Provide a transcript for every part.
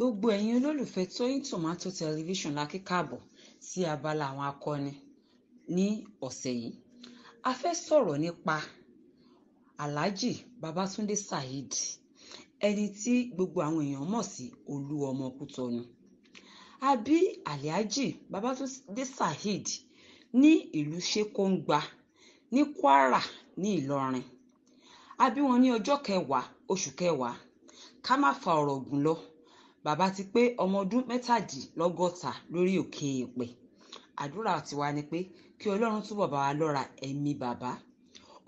gbogbo ẹ̀yin olólùfẹ́ tóyìn tòmátò tẹlifíṣàn la kí káàbọ̀ sí abala àwọn akọni ní ọ̀sẹ̀ yìí a fẹ́ sọ̀rọ̀ nípa alhaji babatunde saheed ẹni tí gbogbo àwọn èèyàn mọ̀ sí olú ọmọ kútọ́nu a bí alhaji babatunde saheed ní ìlú ṣekongba ní kwara ní ìlọrin a bí wọn ní ọjọ́ kẹwàá oṣù kẹwàá ká má fa ọ̀rọ̀ gùn lọ bàbá ti pé ọmọ ọdún mẹ́tàdínlọ́gọ́ta lórí òkè èèpẹ̀ àdúrà tiwa ni pé kí ọlọ́run túbọ̀ bá wa lọ́ra ẹ̀mí bàbá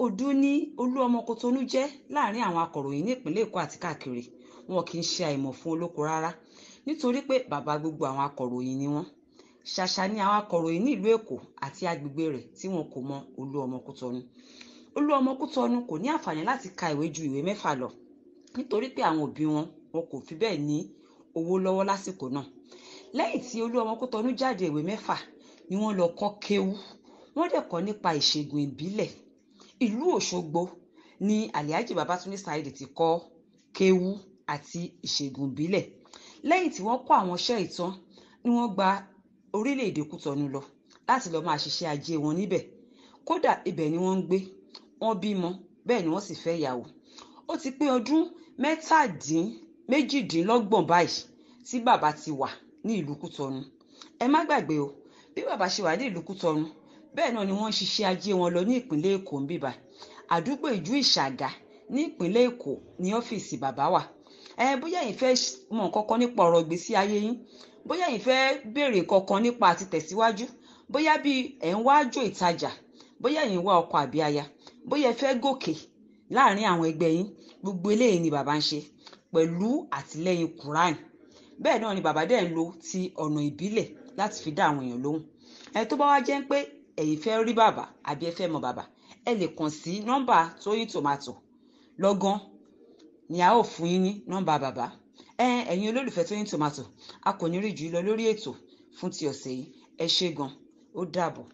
òdu ní olú ọmọ Kòtónú jẹ́ láàrin àwọn akọ̀ròyìn ní ìpínlẹ̀ Èkó àti káàkiri wọn kì í ṣe àìmọ̀ fún olóko rárá nítorí pé bàbá gbogbo àwọn akọ̀ròyìn ni wọ́n ṣàṣà ni àwọn akọ̀ròyìn ní ìlú Èkó àti agbègbè rẹ̀ tí wọn kò mọ olú ọmọ Kòtónú olú ọmọ Kòtónú kò ní àǹfààní láti ka ìwé ju ìwé mẹ́fà lọ nítorí pé àwọn òbí wọn wọn kò fi bẹ́ẹ̀ ní owó lọ́wọ́ lásìkò náà lẹ́yìn tí Olúọmọkútọ̀nú jáde ìwé mẹ́fà ni wọ́n lọ kọ́ kéwú wọ́n dẹ̀ kọ́ nípa ìṣègùn ìbílẹ̀ ìlú Òṣogbo ni Alhaji Babatunde Saheed ti kọ́ kéwú àti ìṣègùn ìbílẹ̀ lẹ́yìn tí wọ́n kọ́ àwọn iṣẹ́ ìtàn ni wọ́n gba orílẹ̀-èdè Kútọ̀nù lọ láti lọ́ọ́ máa ṣiṣẹ́ ajé wọn níbẹ̀ kódà ibẹ̀ ni wọ́n ń gbé wọ́n bímọ bẹ́ẹ̀ ni wọ́n sì fẹ́ ìyàwó ó ti pé ọdún mẹ́tàdín méjìdínlọ́gbọ̀n báyìí tí bàbá ti wà ní ìlú Kútọ̀nù ẹ má gbàgbé o bí bàbá ṣe wà ní ìlú Kútọ̀nù bẹ́ẹ̀ náà ni wọ́n ń ṣiṣẹ́ ajé wọn lọ ní ìpínlẹ̀ Èkó ń bíbà àdúgbò ìjú Ìṣàgà ní ìpínlẹ̀ Èkó ní ọ́fíìsì bàbá wà ẹ bóyá yìí fẹ́ mọ̀ kankan nípa ọ̀rọ̀ ìgbésí ayé yín bóyá yìí fẹ́ béèrè kankan nípa àti tẹ̀síwájú bóyá bí ẹ̀ ń wájò ìtajà bóyá yìí ń wá ọkọ àbí aya bóyá ẹ fẹ́ gòkè láàrin àwọn ẹgbẹ́ yín gbogbo eléyìí ni bàbá ń ṣe pẹ̀lú àtìlẹ́yìn Quran bẹ́ẹ̀ náà ni bàbá dẹ̀ ń lo ti ọ̀nà ìbílẹ̀ láti fi dá àwọn èèyàn lóhùn ẹni tó bá wá jẹ́ pé ẹ̀yin fẹ́ rí bàbá àbí ẹ fẹ́ mọ bàbá ẹ lè kàn sí nọ́mbà Tóyìn Tòmátò lọ́gán ni a ó fún yín ní nọ́mbà bàbá ẹ̀yin olólùfẹ́ Tóyìn Tòmátò a kò ní rí jù lọ lórí ètò fún ti ọ̀sẹ̀ yìí ẹ ṣé gan ó dàbọ̀.